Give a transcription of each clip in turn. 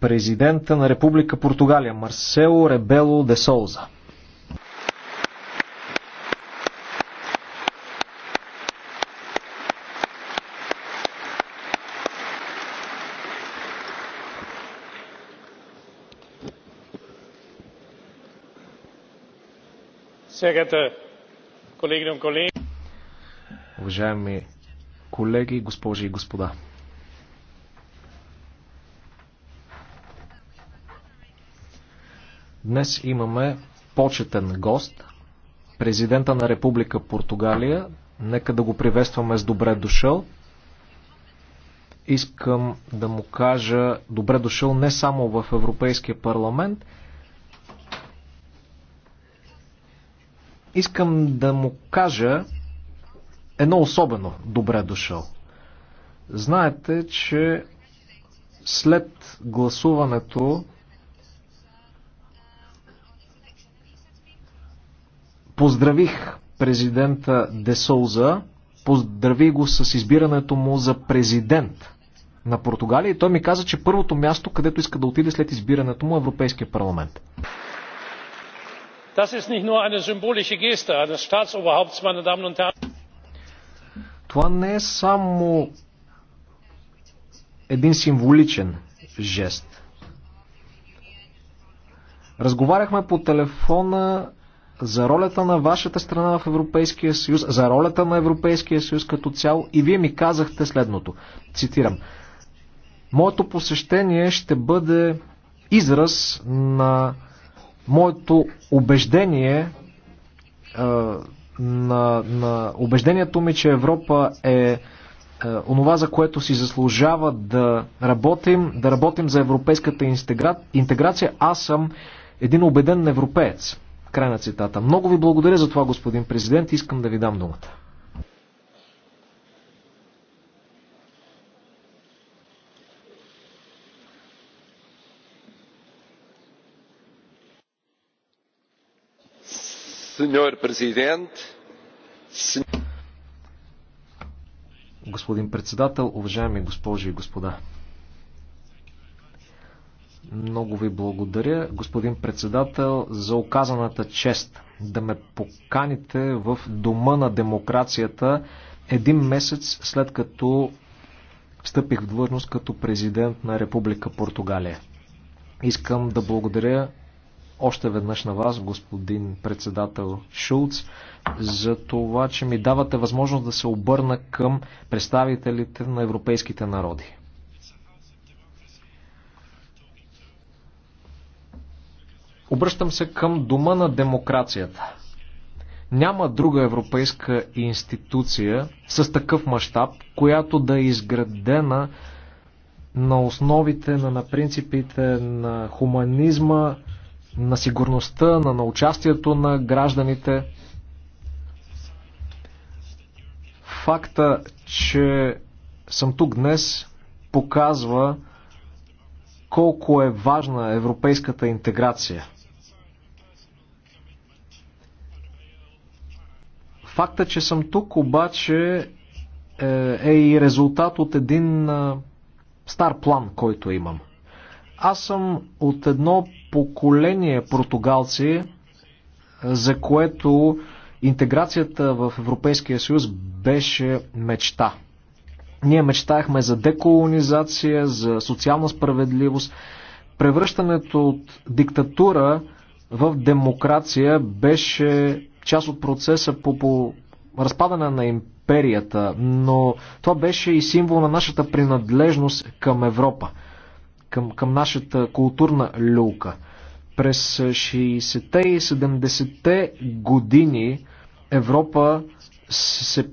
Президента на Република Португалия Марсело Ребело де Солза. Уважаеми колеги, госпожи и господа. Днес имаме почетен гост, президента на Република Португалия. Нека да го приветстваме с добре дошъл. Искам да му кажа добре дошъл не само в Европейския парламент, искам да му кажа, едно особено добре дошъл. Знаете, че след гласуването поздравих президента Десоуза, поздрави го с избирането му за президент на Португалия и той ми каза, че първото място, където иска да отиде след избирането му е Европейския парламент. Das ist nicht nur eine symbolische Geste eines Staatsoberhaupts, meine Damen und Herren. Това не е само един символичен жест. Разговаряхме по телефона за ролята на вашата страна в Европейския съюз, за ролята на Европейския съюз като цяло и вие ми казахте следното. Цитирам. Моето посещение ще бъде израз на моето убеждение на, на убеждението ми, че Европа е, е онова, за което си заслужава да работим, да работим за европейската интеграция. Аз съм един убеден европеец. Край на цитата. Много ви благодаря за това, господин президент. Искам да ви дам думата. Господин председател, уважаеми госпожи и господа. Много ви благодаря, господин председател, за оказаната чест да ме поканите в Дома на демокрацията един месец след като встъпих в длъжност като президент на Република Португалия. Искам да благодаря още веднъж на вас, господин председател Шулц, за това, че ми давате възможност да се обърна към представителите на европейските народи. Обръщам се към дома на демокрацията. Няма друга европейска институция с такъв мащаб, която да е изградена на основите, на, на принципите на хуманизма, на сигурността, на, на участието на гражданите. Факта, че съм тук днес, показва колко е важна европейската интеграция. Факта, че съм тук обаче е, е и резултат от един стар план, който имам. Аз съм от едно поколение португалци, за което интеграцията в Европейския съюз беше мечта. Ние мечтахме за деколонизация, за социална справедливост. Превръщането от диктатура в демокрация беше част от процеса по, по разпадане на империята, но това беше и символ на нашата принадлежност към Европа към, към нашата културна люлка. През 60-те и 70-те години Европа се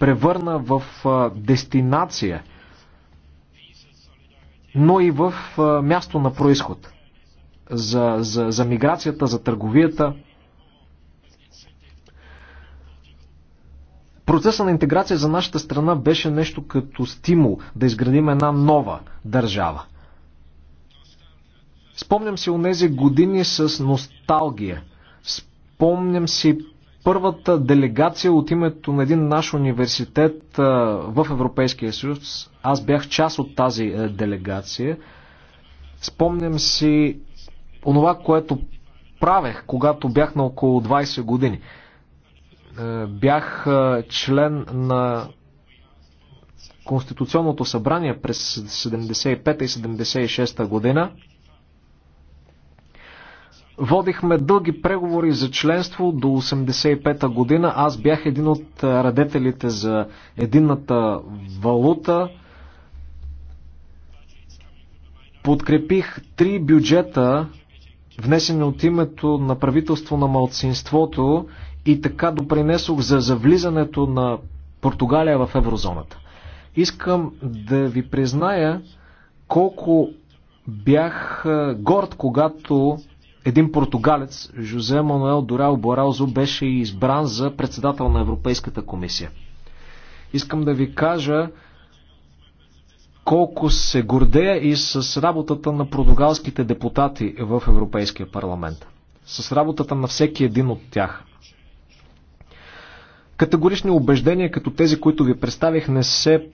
превърна в дестинация, но и в място на происход за, за, за миграцията, за търговията. Процесът на интеграция за нашата страна беше нещо като стимул да изградим една нова държава. Спомням си онези години с носталгия. Спомням си първата делегация от името на един наш университет в Европейския съюз. Аз бях част от тази делегация. Спомням си онова, което правех, когато бях на около 20 години. Бях член на Конституционното събрание през 75 та и 76 година. Водихме дълги преговори за членство до 85-та година. Аз бях един от радетелите за единната валута. Подкрепих три бюджета, внесени от името на правителство на малцинството и така допринесох за завлизането на Португалия в еврозоната. Искам да ви призная колко бях горд, когато един португалец, Жозе Мануел Дорао Боралзо, беше избран за председател на Европейската комисия. Искам да ви кажа колко се гордея и с работата на португалските депутати в Европейския парламент. С работата на всеки един от тях. Категорични убеждения, като тези, които ви представих, не се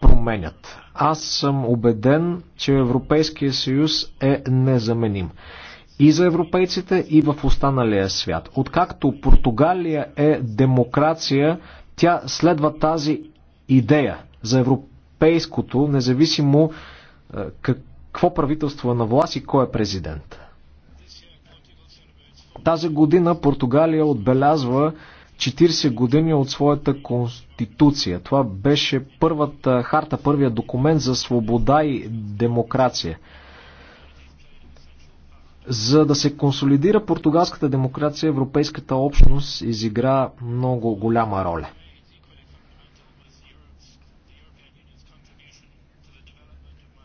променят. Аз съм убеден, че Европейския съюз е незаменим и за европейците, и в останалия свят. Откакто Португалия е демокрация, тя следва тази идея за европейското, независимо е, какво правителство е на власт и кой е президент. Тази година Португалия отбелязва 40 години от своята конституция. Това беше първата харта, първия документ за свобода и демокрация. За да се консолидира португалската демокрация, европейската общност изигра много голяма роля.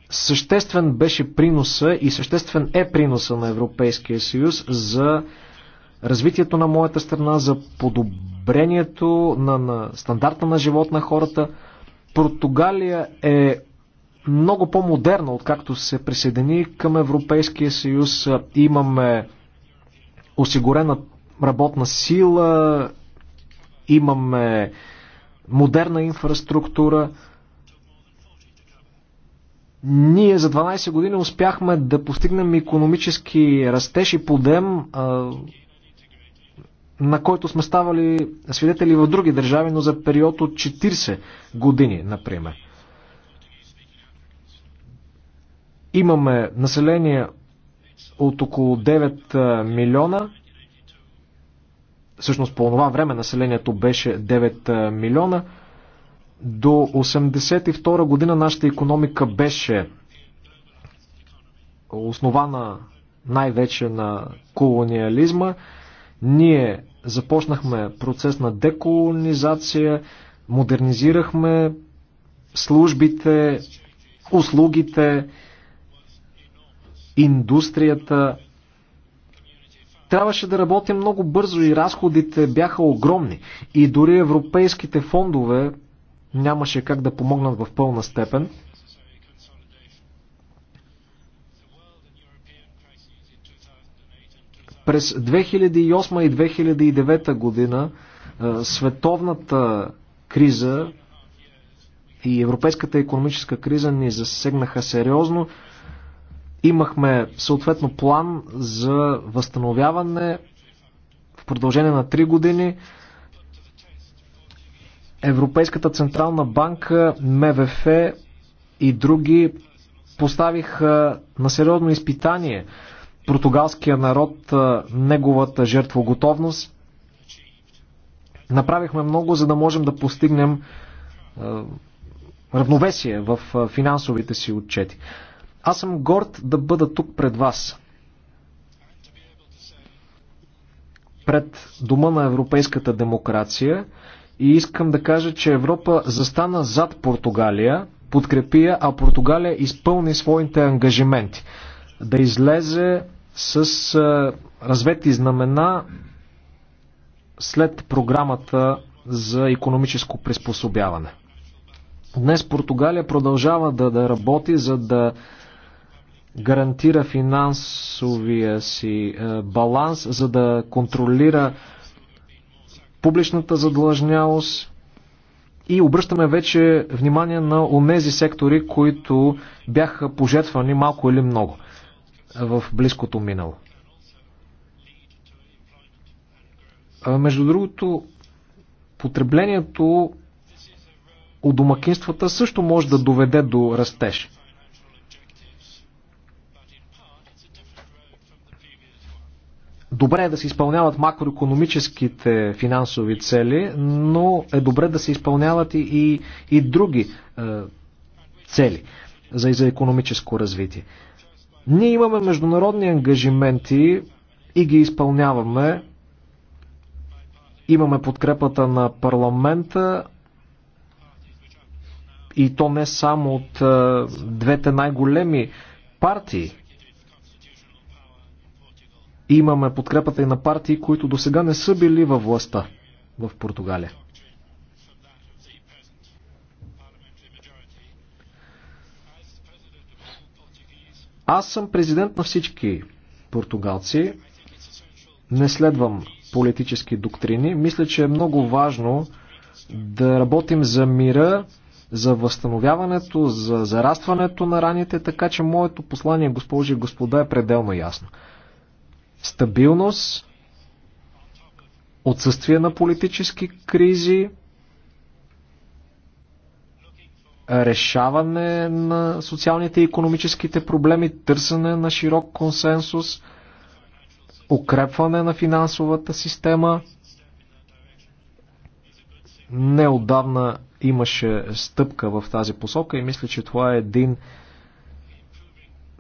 Съществен беше приноса и съществен е приноса на Европейския съюз за развитието на моята страна, за подобрението на, на стандарта на живот на хората. Португалия е много по-модерна, откакто се присъедини към Европейския съюз. Имаме осигурена работна сила, имаме модерна инфраструктура. Ние за 12 години успяхме да постигнем економически растеж и подем, на който сме ставали свидетели в други държави, но за период от 40 години, например. Имаме население от около 9 милиона. Всъщност по това време населението беше 9 милиона. До 1982 година нашата економика беше основана най-вече на колониализма. Ние започнахме процес на деколонизация, модернизирахме службите, услугите, индустрията. Трябваше да работим много бързо и разходите бяха огромни. И дори европейските фондове нямаше как да помогнат в пълна степен. През 2008 и 2009 година световната криза и европейската економическа криза ни засегнаха сериозно. Имахме съответно план за възстановяване в продължение на 3 години. Европейската централна банка, МВФ и други поставиха на сериозно изпитание португалския народ, неговата жертвоготовност. Направихме много, за да можем да постигнем равновесие в финансовите си отчети. Аз съм горд да бъда тук пред вас. Пред дома на европейската демокрация и искам да кажа, че Европа застана зад Португалия, подкрепи я, а Португалия изпълни своите ангажименти. Да излезе с а, развети знамена след програмата за економическо приспособяване. Днес Португалия продължава да, да работи, за да гарантира финансовия си е, баланс, за да контролира публичната задлъжнялост и обръщаме вече внимание на онези сектори, които бяха пожертвани малко или много в близкото минало. Между другото, потреблението у домакинствата също може да доведе до растеж. добре е да се изпълняват макроекономическите финансови цели, но е добре да се изпълняват и, и, и други е, цели за, за економическо развитие. Ние имаме международни ангажименти и ги изпълняваме. Имаме подкрепата на парламента и то не само от е, двете най-големи партии имаме подкрепата и на партии, които до сега не са били във властта в Португалия. Аз съм президент на всички португалци. Не следвам политически доктрини. Мисля, че е много важно да работим за мира, за възстановяването, за зарастването на раните, така че моето послание, госпожи и господа, е пределно ясно стабилност, отсъствие на политически кризи, решаване на социалните и економическите проблеми, търсене на широк консенсус, укрепване на финансовата система. Неодавна имаше стъпка в тази посока и мисля, че това е един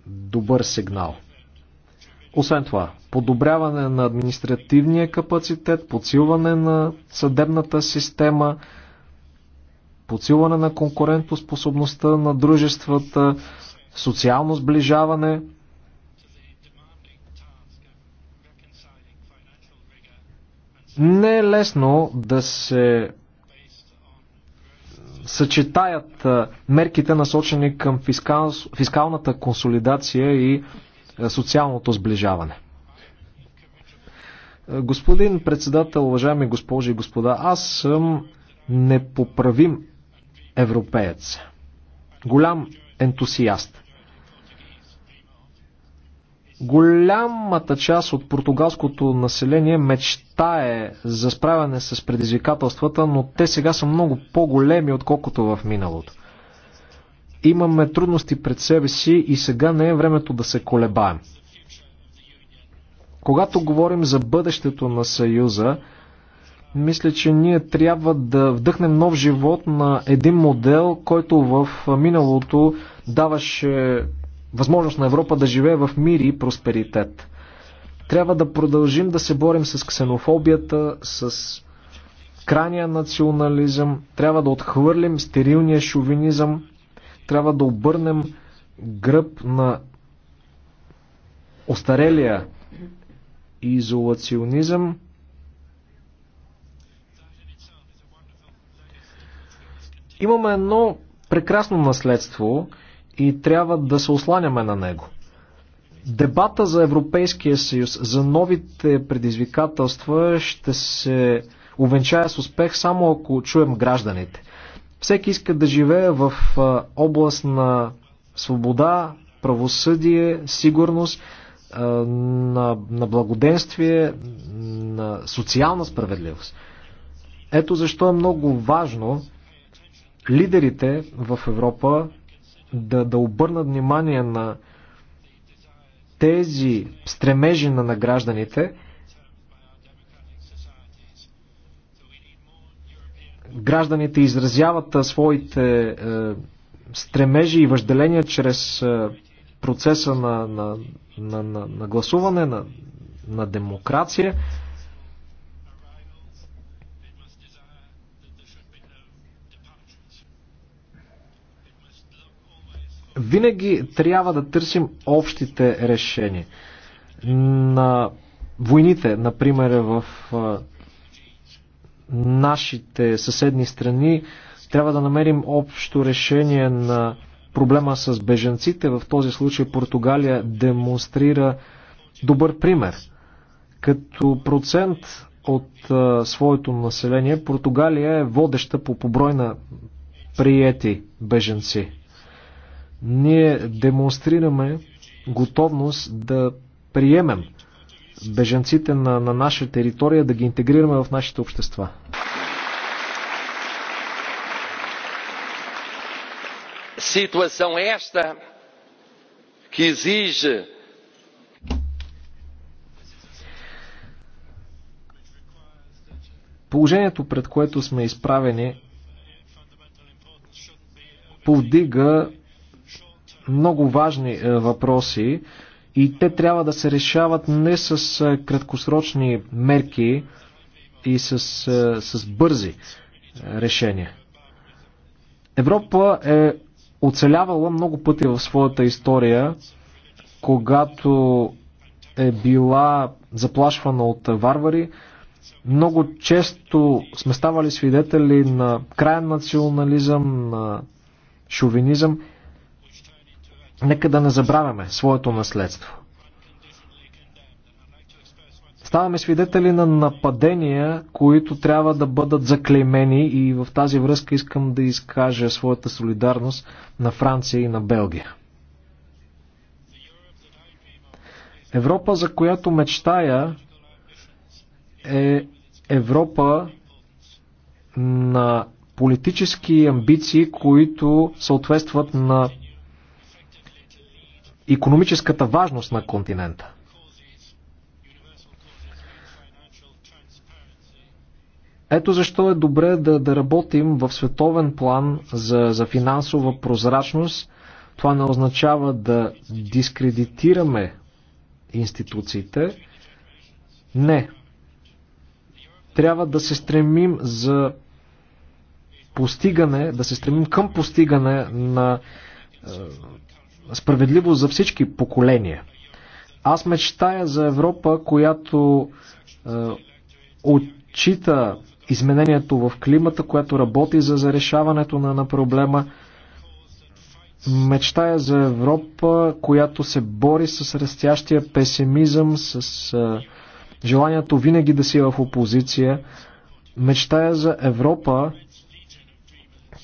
добър сигнал. Освен това, подобряване на административния капацитет, подсилване на съдебната система, подсилване на конкурентоспособността на дружествата, социално сближаване. Не е лесно да се съчетаят мерките насочени към фискал... фискалната консолидация и е, социалното сближаване. Е, господин председател, уважаеми госпожи и господа, аз съм непоправим европеец. Голям ентусиаст. Голямата част от португалското население мечтае за справяне с предизвикателствата, но те сега са много по-големи, отколкото в миналото. Имаме трудности пред себе си и сега не е времето да се колебаем. Когато говорим за бъдещето на Съюза, мисля, че ние трябва да вдъхнем нов живот на един модел, който в миналото даваше възможност на Европа да живее в мир и просперитет. Трябва да продължим да се борим с ксенофобията, с крайния национализъм, трябва да отхвърлим стерилния шовинизъм, трябва да обърнем гръб на остарелия изолационизъм. Имаме едно прекрасно наследство и трябва да се осланяме на него. Дебата за Европейския съюз, за новите предизвикателства ще се увенчая с успех само ако чуем гражданите. Всеки иска да живее в област на свобода, правосъдие, сигурност, на, на благоденствие, на социална справедливост. Ето защо е много важно лидерите в Европа да, да обърнат внимание на тези стремежи на гражданите гражданите изразяват своите е, стремежи и въжделения чрез е, процеса на, на, на, на, на гласуване, на, на демокрация. Винаги трябва да търсим общите решения. На войните, например, в е, нашите съседни страни. Трябва да намерим общо решение на проблема с беженците. В този случай Португалия демонстрира добър пример. Като процент от а, своето население, Португалия е водеща по поброй на приети беженци. Ние демонстрираме готовност да приемем беженците на, на наша територия, да ги интегрираме в нашите общества. Положението, пред което сме изправени, повдига много важни е, въпроси, и те трябва да се решават не с краткосрочни мерки и с, с бързи решения. Европа е оцелявала много пъти в своята история, когато е била заплашвана от варвари. Много често сме ставали свидетели на крайен национализъм, на шовинизъм. Нека да не забравяме своето наследство. Ставаме свидетели на нападения, които трябва да бъдат заклеймени и в тази връзка искам да изкажа своята солидарност на Франция и на Белгия. Европа, за която мечтая, е Европа на политически амбиции, които съответстват на економическата важност на континента. Ето защо е добре да, да работим в световен план за, за финансова прозрачност. Това не означава да дискредитираме институциите. Не. Трябва да се стремим за постигане, да се стремим към постигане на е, справедливо за всички поколения. Аз мечтая за Европа, която е, отчита изменението в климата, която работи за, за решаването на, на проблема. Мечтая за Европа, която се бори с растящия песимизъм, с е, желанието винаги да си в опозиция. Мечтая за Европа,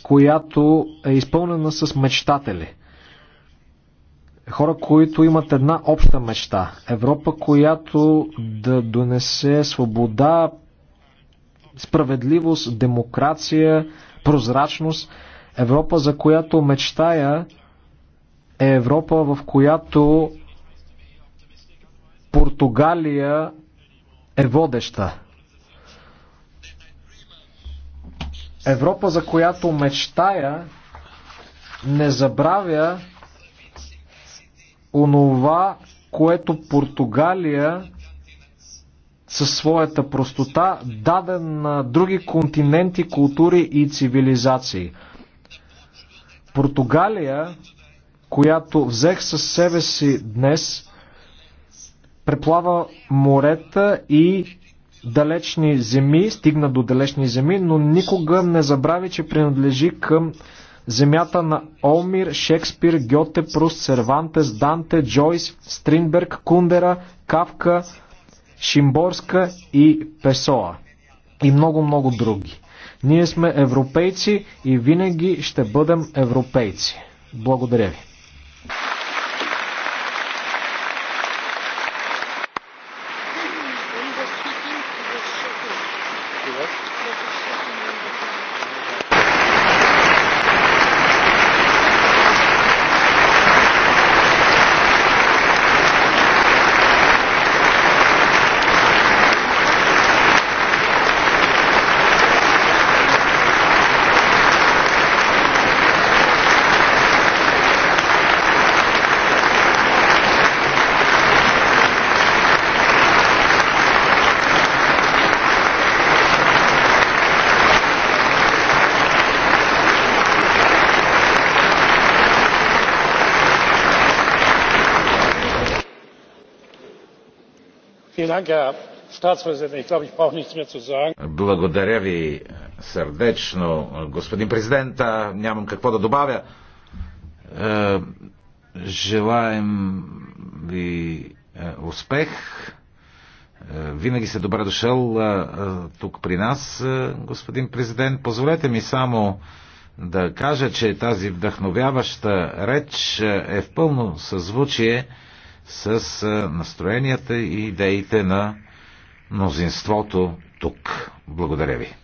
която е изпълнена с мечтатели – хора, които имат една обща мечта. Европа, която да донесе свобода, справедливост, демокрация, прозрачност. Европа, за която мечтая, е Европа, в която Португалия е водеща. Европа, за която мечтая, не забравя, онова, което Португалия със своята простота даде на други континенти, култури и цивилизации. Португалия, която взех със себе си днес, преплава морета и далечни земи, стигна до далечни земи, но никога не забрави, че принадлежи към земята на Олмир, Шекспир, Гьоте, Прус, Сервантес, Данте, Джойс, Стринберг, Кундера, Кавка, Шимборска и Песоа. И много-много други. Ние сме европейци и винаги ще бъдем европейци. Благодаря ви. Благодаря ви сърдечно, господин президент. Нямам какво да добавя. Е, желаем ви е, успех. Е, винаги се добре дошъл тук при нас, господин президент. Позволете ми само да кажа, че тази вдъхновяваща реч е в пълно съзвучие с настроенията и идеите на мнозинството тук. Благодаря ви.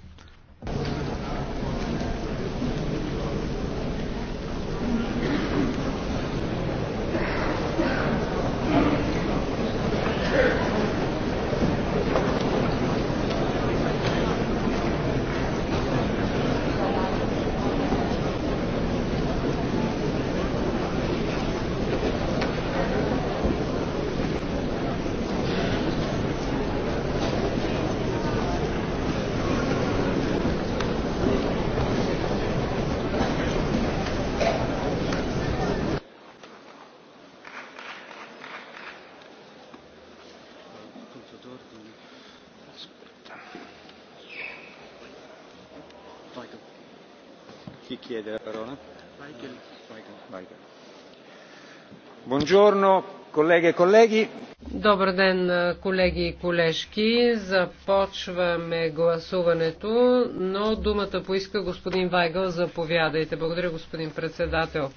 E Добър ден, колеги и колежки. Започваме гласуването, но думата поиска господин Вайгъл. Заповядайте. Благодаря, господин председател.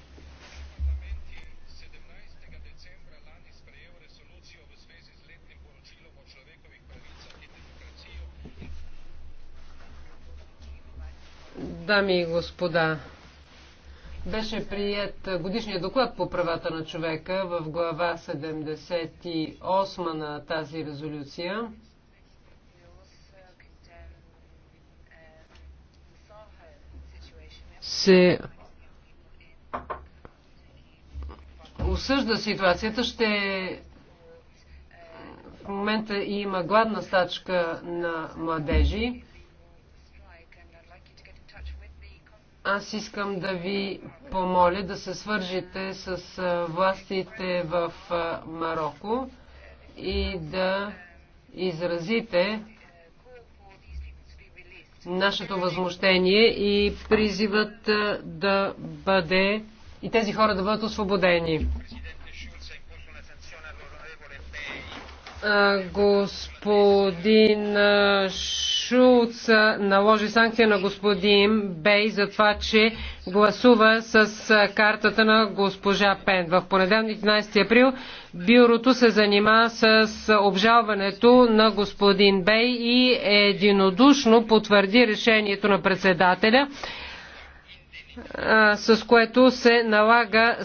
дами и господа, беше прият годишния доклад по правата на човека в глава 78 на тази резолюция. Се осъжда ситуацията, ще в момента има гладна стачка на младежи. Аз искам да ви помоля да се свържете с властите в Марокко и да изразите нашето възмущение и призивът да бъде и тези хора да бъдат освободени. Господин Шулц наложи санкция на господин Бей за това, че гласува с картата на госпожа Пен. В понеделник 11 април бюрото се занима с обжалването на господин Бей и единодушно потвърди решението на председателя, с което се налага